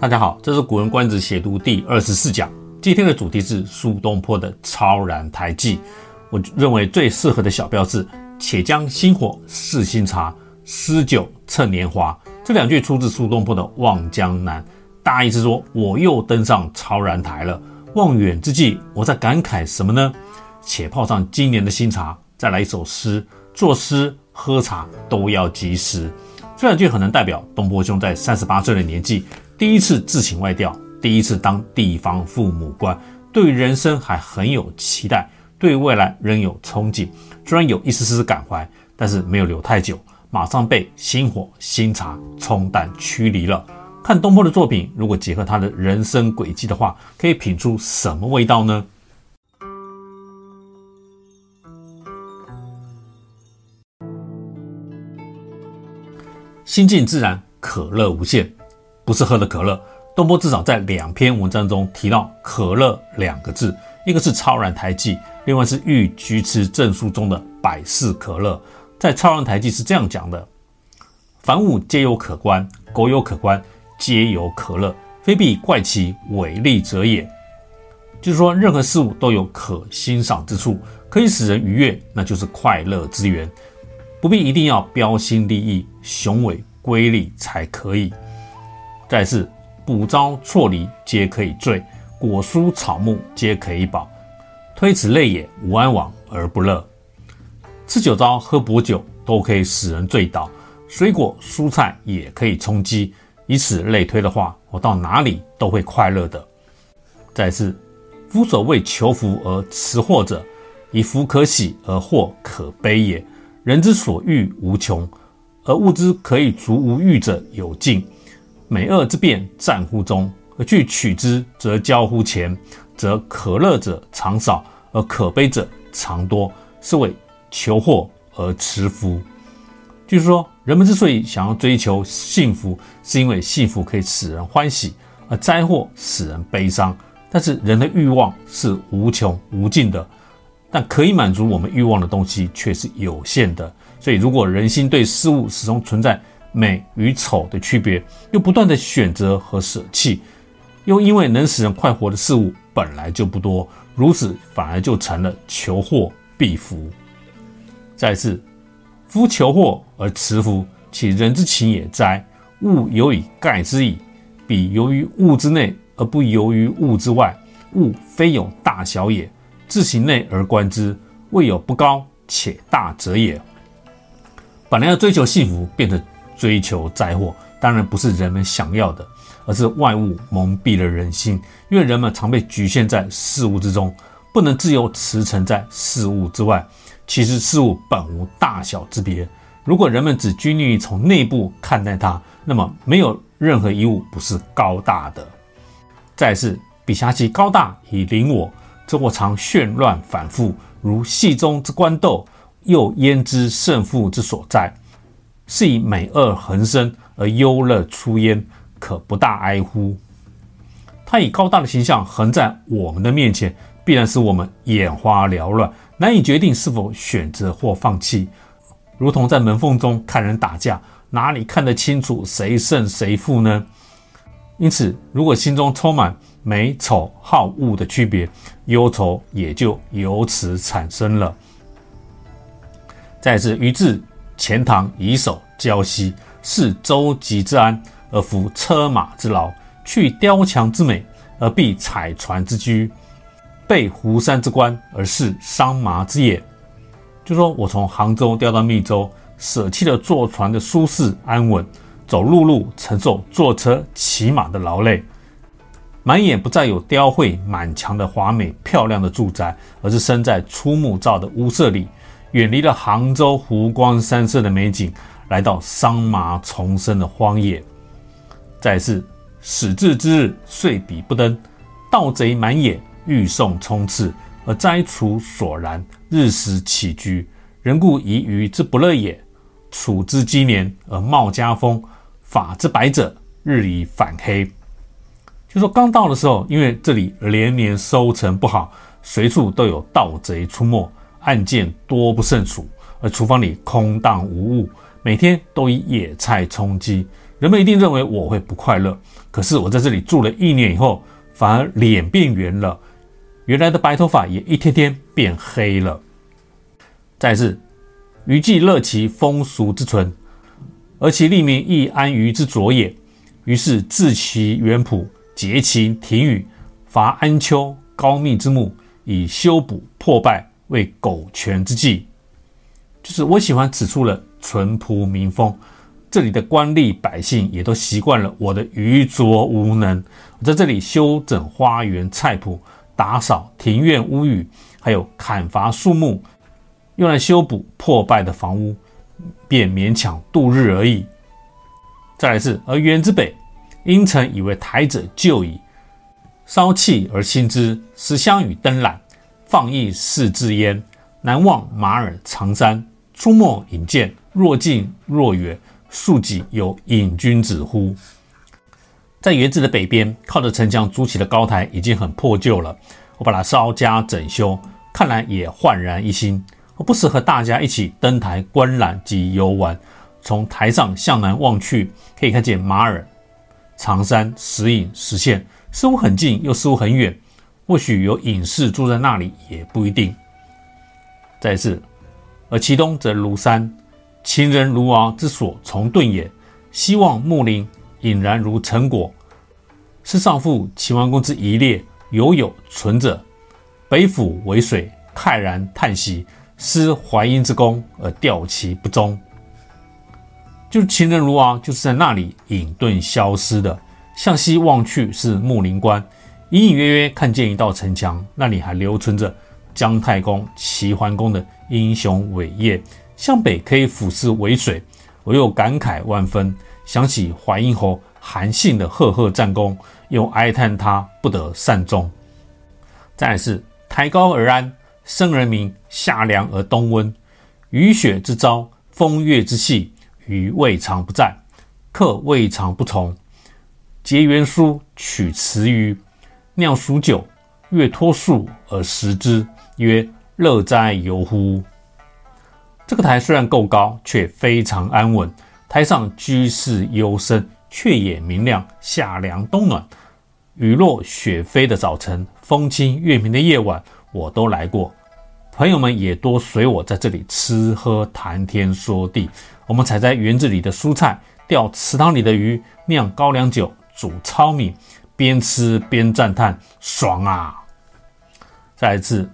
大家好，這是《古文觀止》解讀第二十四講。今天的主題是蘇東坡的《超然臺記》。我認為最適合的小標誌：“且將新火試新茶，詩酒趁年華。”這兩句出自蘇東坡的《望江南》。大意是說，我又登上超然臺了。望遠之際，我在感慨什麼呢？且泡上今年的新茶，再來一首詩。作詩喝茶都要及時。這兩句很能代表東坡兄在三十八歲的年紀。第一次自請外調，第一次當地方父母官，對人生還很有期待，對未來仍有憧憬。雖然有一絲絲感懷，但是沒有留太久，馬上被新火新茶沖淡驅離了。看東坡的作品，如果結合他的人生軌跡的話，可以品出什麼味道呢？心靜自然可樂無限。不是喝的可樂，東坡至少在兩篇文章中提到“可樂”兩個字，一個是《超然台記》，另外是《玉局詞正書》中的《百事可樂》。在《超然台記》是這樣講的：“凡物皆有可觀，苟有可觀，皆有可樂，非必怪奇偉麗者也。”就是說，任何事物都有可欣賞之處，可以使人愉悅，那就是快樂之源，不必一定要標新立異、雄偉瑰麗才可以。再是，餔糟啜醨皆可以醉，果蔬草木皆可以飽，推此類也，吾安往而不樂？吃酒糟喝薄酒都可以使人醉倒，水果蔬菜也可以充飢，以此類推的話，我到哪裡都會快樂的。再是，夫所謂求福而辭禍者，以福可喜而禍可悲也。人之所欲無窮，而物之可以足吾欲者有盡。美惡之辨，戰乎中；而去取之，則交乎前，則可樂者常少，而可悲者常多，是謂求禍而辭福。就是說，人們之所以想要追求幸福，是因為幸福可以使人歡喜，而災禍使人悲傷。但是，人的欲望是無窮無盡的，但可以滿足我們欲望的東西卻是有限的。所以，如果人心對事物始終存在，美與醜的區別，又不斷地選擇和捨棄，又因為能使人快活的事物本來就不多，如此反而就成了求禍必福。再次，夫求禍而辭福，豈人之情也哉？物有以蓋之矣。彼由於物之內，而不由於物之外。物非有大小也，自其內而觀之，未有不高且大者也。本來要追求幸福，變成。追求災禍，當然不是人們想要的，而是外物蒙蔽了人心。因為人們常被局限在事物之中，不能自由馳騁在事物之外。其實事物本無大小之別。如果人們只拘泥於從內部看待它，那麼沒有任何一物不是高大的。再是彼挾其高大以臨我，則我常眩亂反覆，如隙中之觀鬥，又焉知勝負之所在？是以美惡橫生，而憂樂出焉，可不大哀乎？他以高大的形象橫在我們的面前，必然使我們眼花繚亂，難以決定是否選擇或放棄，如同在門縫中看人打架，哪裡看得清楚誰勝誰負呢？因此，如果心中充滿美醜好惡的區別，憂愁也就由此產生了。再次，余自。錢塘以守膠西，視舟楫之安，而服車馬之勞；去雕牆之美，而避采船之居；背湖山之觀，而是桑麻之野。就說我從杭州調到密州，捨棄了坐船的舒適安穩，走陸路承受坐車騎馬的勞累，滿眼不再有雕繪滿牆的華美漂亮的住宅，而是身在粗木造的屋舍裡。遠離了杭州湖光山色的美景，來到桑麻叢生的荒野。再是始至之日，歲比不登，盜賊滿野，獄訟充斥，而齋廚索然，日食起居，人固疑余之不樂也。處之期年而貌加豐，髮之白者日以反黑。就是說剛到的時候，因為這裡連年收成不好，隨處都有盜賊出沒。案件多不勝數，而廚房裡空蕩無物，每天都以野菜充飢。人們一定認為我會不快樂，可是我在這裡住了一年以後，反而臉變圓了，原來的白頭髮也一天天變黑了。再次，余既樂其風俗之淳，而其吏民亦安予之拙也，於是治其園圃，潔其庭宇，伐安丘、高密之木以修補破敗，為苟全之計，就是我喜歡此處的淳樸民風，這裡的官吏百姓也都習慣了我的愚拙無能。我在這裡修整花園菜圃，打掃庭院屋宇，還有砍伐樹木，用來修補破敗的房屋，便勉強度日而已。再來是而園之北，因城以為台者舊矣，稍葺而新之，使相與登覽。放逸肆志焉，南望馬耳常山，出沒隱見，若近若遠。庶幾有隱君子乎？在園子的北邊，靠着城牆築起的高台已經很破舊了，我把它稍加整修，看來也煥然一新。我不時和大家一起登台觀覽及遊玩。從台上向南望去，可以看見馬耳常山時隱時現，似乎很近，又似乎很遠。或許有隱士住在那裡，也不一定。再次，而其東則盧山，秦人盧王之所從遁也。西望穆陵，隱然如城郭，師尚父齊桓公之遺烈猶有，有存者。北俯濰水，慨然嘆息，思淮陰之功而弔其不終。就是秦人盧王，就是在那裡隱遁消失的。向西望去是穆陵關。隱隱約約看見一道城牆，那裡還留存着姜太公、齊桓公的英雄偉業。向北可以俯視濰水，我又感慨萬分，想起淮陰侯韓信的赫赫戰功，又哀嘆他不得善終。再來是台高而安，深而明，夏涼而冬溫，雨雪之朝，風月之夕，予未嘗不在，客未嘗不從。擷園蔬，取池魚。釀熟酒，越脫粟而食之，曰樂哉遊乎！這個台雖然夠高，卻非常安穩。台上居室幽深，卻也明亮，夏涼冬暖。雨落雪飛的早晨，風清月明的夜晚，我都來過。朋友們也多隨我在這裡吃喝談天說地。我們採摘園子裡的蔬菜，釣池塘裡的魚，釀高粱酒，煮糙米。邊吃邊讚嘆，爽啊！再來一次，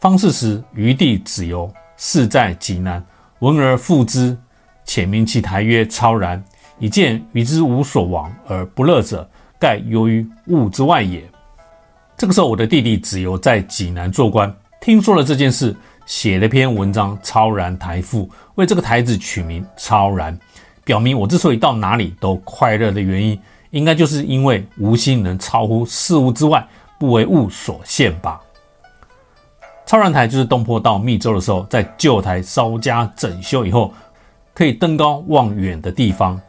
方是時余弟子由適在濟南，聞而賦之，且名其台曰超然，以見余之無所往而不樂者，蓋游於物之外也。這個時候，我的弟弟子由在濟南做官，聽說了這件事，寫了篇文章《超然台賦》，為這個台子取名超然，表明我之所以到哪裡都快樂的原因。應該就是因為無心能超乎事物之外，不為物所限吧。超然台就是東坡到密州的時候，在舊台稍加整修以後，可以登高望遠的地方。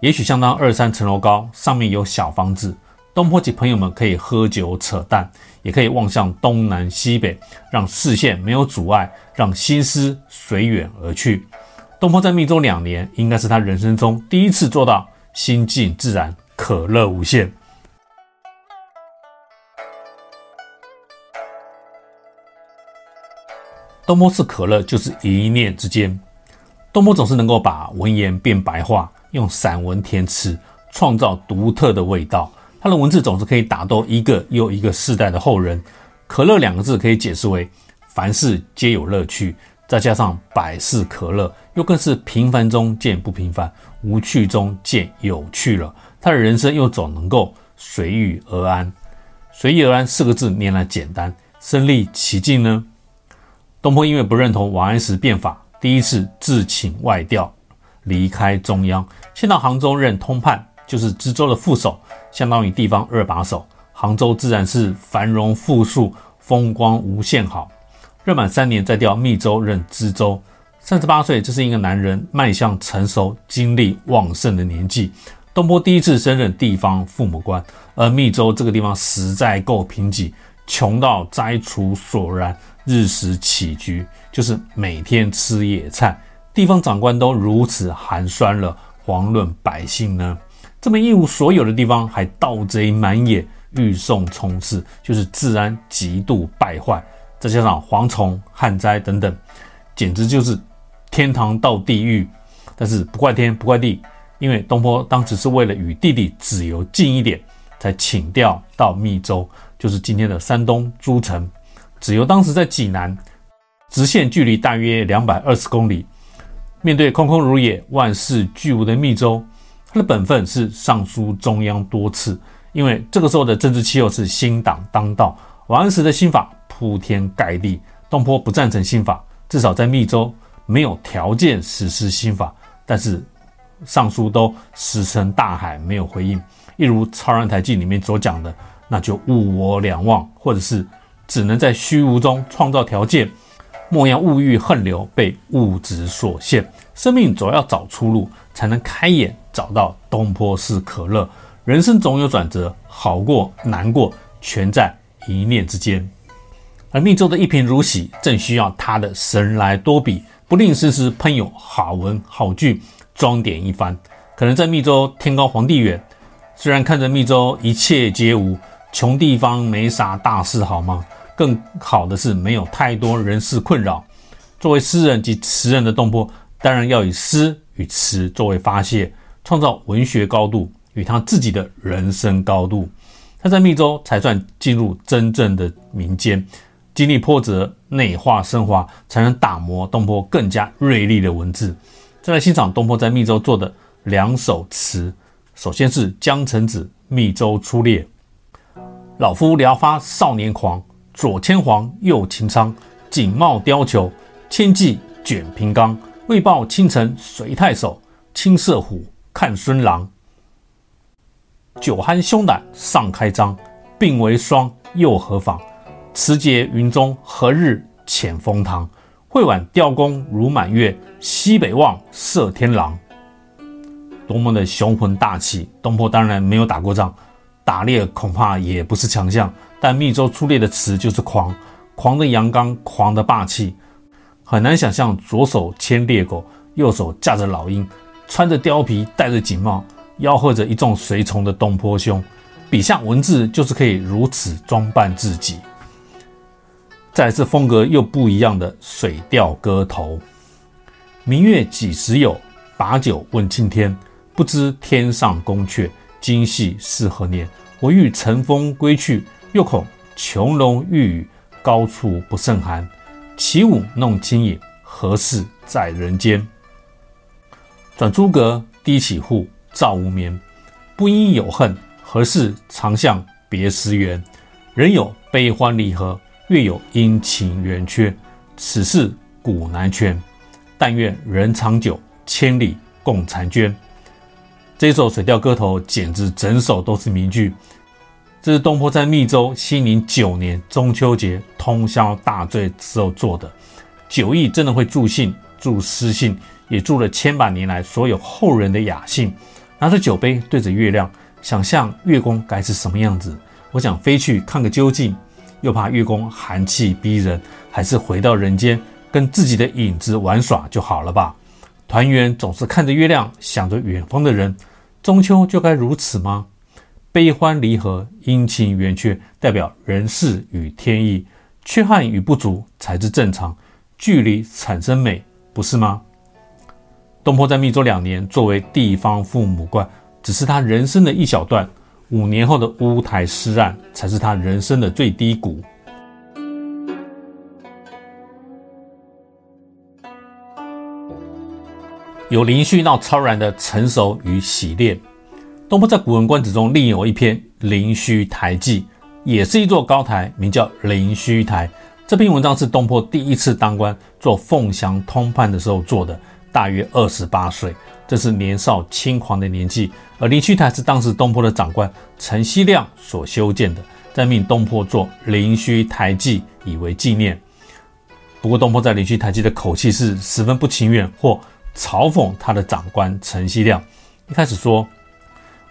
也許相當二三層樓高，上面有小房子，東坡及朋友們可以喝酒扯淡，也可以望向東南西北，讓視線沒有阻礙，讓心思隨遠而去。東坡在密州兩年，應該是他人生中第一次做到。心靜自然，可樂無限。東坡是可樂，就是一念之間。東坡總是能夠把文言變白話，用散文填詞，創造獨特的味道。他的文字總是可以打動一個又一個世代的後人。可樂兩個字可以解釋為：凡事皆有樂趣。再加上百事可樂，又更是平凡中見不平凡，無趣中見有趣了。他的人生又總能夠隨遇而安。隨遇而安四個字念來簡單，身歷其境呢？東坡因為不認同王安石變法，第一次自請外調，離開中央，先到杭州任通判，就是知州的副手，相當於地方二把手。杭州自然是繁榮富庶，風光無限好。任滿三年，再調密州任知州。三十八歲，這是一個男人邁向成熟、精力旺盛的年紀。東坡第一次升任地方父母官，而密州這個地方實在夠貧瘠，窮到齋廚索然，日食起居就是每天吃野菜。地方長官都如此寒酸了，遑論百姓呢？這麼一無所有的地方，還盜賊滿野，獄訟充斥，就是治安極度敗壞。再加上蝗蟲、旱災等等，簡直就是天堂到地獄。但是不怪天，不怪地，因為東坡當時是為了與弟弟子由近一點，才請調到密州，就是今天的山東諸城。子由當時在濟南，直線距離大約兩百二十公里。面對空空如也、萬事俱無的密州，他的本分是上書中央多次，因為這個時候的政治氣候是新黨當道，王安石的新法。鋪天蓋地，東坡不贊成新法，至少在密州沒有條件實施新法。但是上書都石沉大海，沒有回應。一如《超然台記》裡面所講的，那就物我兩忘，或者是只能在虛無中創造條件，莫要物欲橫流，被物質所限。生命總要找出路，才能開眼，找到東坡是可樂。人生總有轉折，好過難過，全在一念之間。而密州的一貧如洗，正需要他的神來多筆，不吝時時噴湧好文好句，裝點一番。可能在密州天高皇帝遠，雖然看着密州一切皆無，窮地方沒啥大事，好嗎？更好的是沒有太多人事困擾。作為詩人及詞人的東坡，當然要以詩與詞作為發洩，創造文學高度與他自己的人生高度。他在密州才算進入真正的民間。經歷波折，內化昇華，才能打磨東坡更加銳利的文字。再來欣賞東坡在密州做的兩首詞。首先是《江城子·密州出獵》。老夫聊發少年狂，左牽黃，右擎蒼，錦帽貂裘，千騎卷平岡。為報傾城隨太守，親射虎，看孫郎。酒酣胸膽尚開張，鬢微霜，又何妨？持節雲中，何日遣馮唐？會挽雕弓如滿月，西北望，射天狼。多麼的雄渾大氣！東坡當然沒有打過仗，打獵恐怕也不是強項，但密州出獵的詞就是狂，狂的陽剛，狂的霸氣，很難想象左手牽獵，獵狗，右手架着老鷹，穿着貂皮，戴着錦帽，吆喝着一眾隨從的東坡兄，筆下文字就是可以如此裝扮自己。再次風格又不一樣的《水調歌頭》：“明月幾時有？把酒問青天。不知天上宮闕，今夕是何年？我欲乘風歸去，又恐瓊樓玉宇，高處不勝寒。起舞弄清影，何似在人間？轉朱閣，低綺戶，照無眠。不應有恨，何事長向別時圓？人有悲歡離合。”月有陰晴圓缺，此事古難全。但願人長久，千里共嬋娟。這一首《水調歌頭》簡直整首都是名句。這是東坡在密州熙寧九年中秋節通宵大醉之後做的。酒意真的會助興、助詩興，也助了千百年來所有後人的雅興。拿着酒杯對着月亮，想象月宮該是什麼樣子。我想飛去看個究竟。又怕月宮寒氣逼人，還是回到人間，跟自己的影子玩耍就好了吧？團圓總是看着月亮，想着遠方的人，中秋就該如此嗎？悲歡離合，陰晴圓缺，代表人事與天意，缺憾與不足才是正常，距離產生美，不是嗎？東坡在密州兩年，作為地方父母官，只是他人生的一小段。五年後的烏臺詩案，才是他人生的最低谷。由凌虛到超然的成熟與洗練。東坡在《古文觀止》中另有一篇《凌虛臺記》，也是一座高台，名叫凌虛臺。這篇文章是東坡第一次當官，做鳳翔通判的時候做的，大約二十八歲。這是年少輕狂的年紀，而凌虛臺是當時東坡的長官陳希亮所修建的，再命東坡作《凌虛臺記》以為紀念。不過東坡在《凌虛臺記》的口氣是十分不情願，或嘲諷他的長官陳希亮。一開始說：“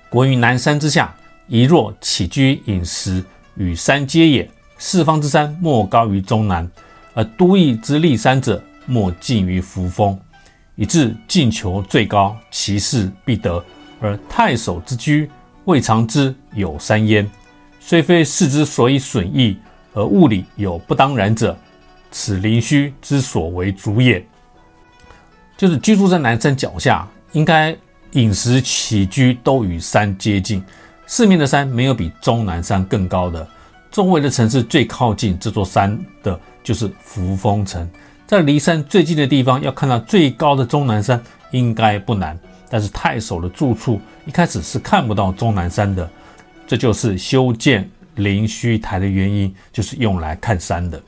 國於南山之下，宜若起居飲食與山皆也。四方之山莫高於終南，而都邑之立山者莫近於扶風。”以至進求最高，其勢必得；而太守之居，未嘗知有山焉。雖非勢之所以損益，而物理有不當然者，此凌虛之所為主也。就是居住在南山腳下，應該飲食起居都與山接近。四面的山沒有比終南山更高的，周圍的城市最靠近這座山的，就是扶風城。在離山最近的地方，要看到最高的終南山，應該不難。但是太守的住處一開始是看不到終南山的，這就是修建凌虛臺的原因，就是用來看山的。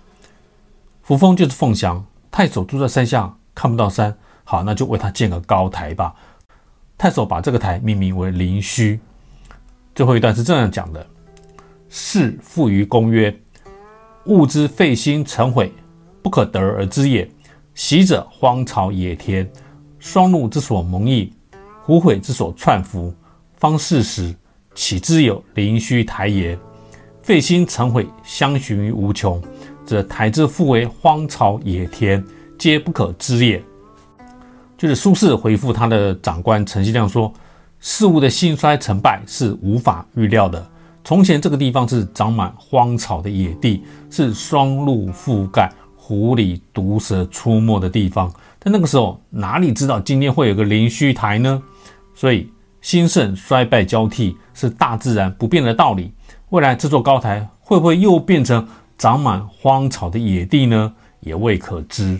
扶風就是鳳翔，太守住在山下看不到山，好，那就為他建個高台吧。太守把這個台命名為凌虛。最後一段是這樣講的：“軾復於公曰，物之廢興成毀。”不可得而知也。昔者荒草野田，霜露之所蒙翳，狐虺之所竄伏，方是時，豈知有凌虛臺也？廢興成毀，相尋於無窮。則台之復為荒草野田，皆不可知也。就是蘇軾回覆他的長官陳希亮說：事物的興衰成敗是無法預料的。從前這個地方是長滿荒草的野地，是霜露覆蓋。狐狸毒蛇出沒的地方，在那個時候哪裡知道今天會有個凌虛臺呢？所以興盛衰敗交替是大自然不變的道理。未來這座高台會不會又變成長滿荒草的野地呢？也未可知。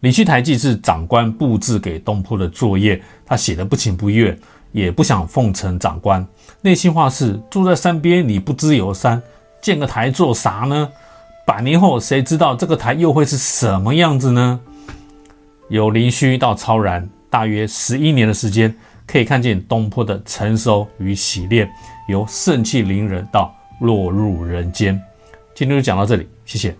凌虛臺既是長官布置給東坡的作業，他寫的不情不願，也不想奉承長官，內心話是：住在山邊，你不知有山，建個台做啥呢？百年後，誰知道這個台又會是什麼樣子呢？由凌虛到超然，大約十一年的時間，可以看見東坡的成熟與洗煉，由盛氣凌人到落入人間。今天就講到這裡，謝謝。